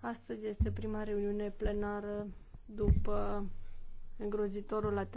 Astăzi este prima reuniune plenară după îngrozitorul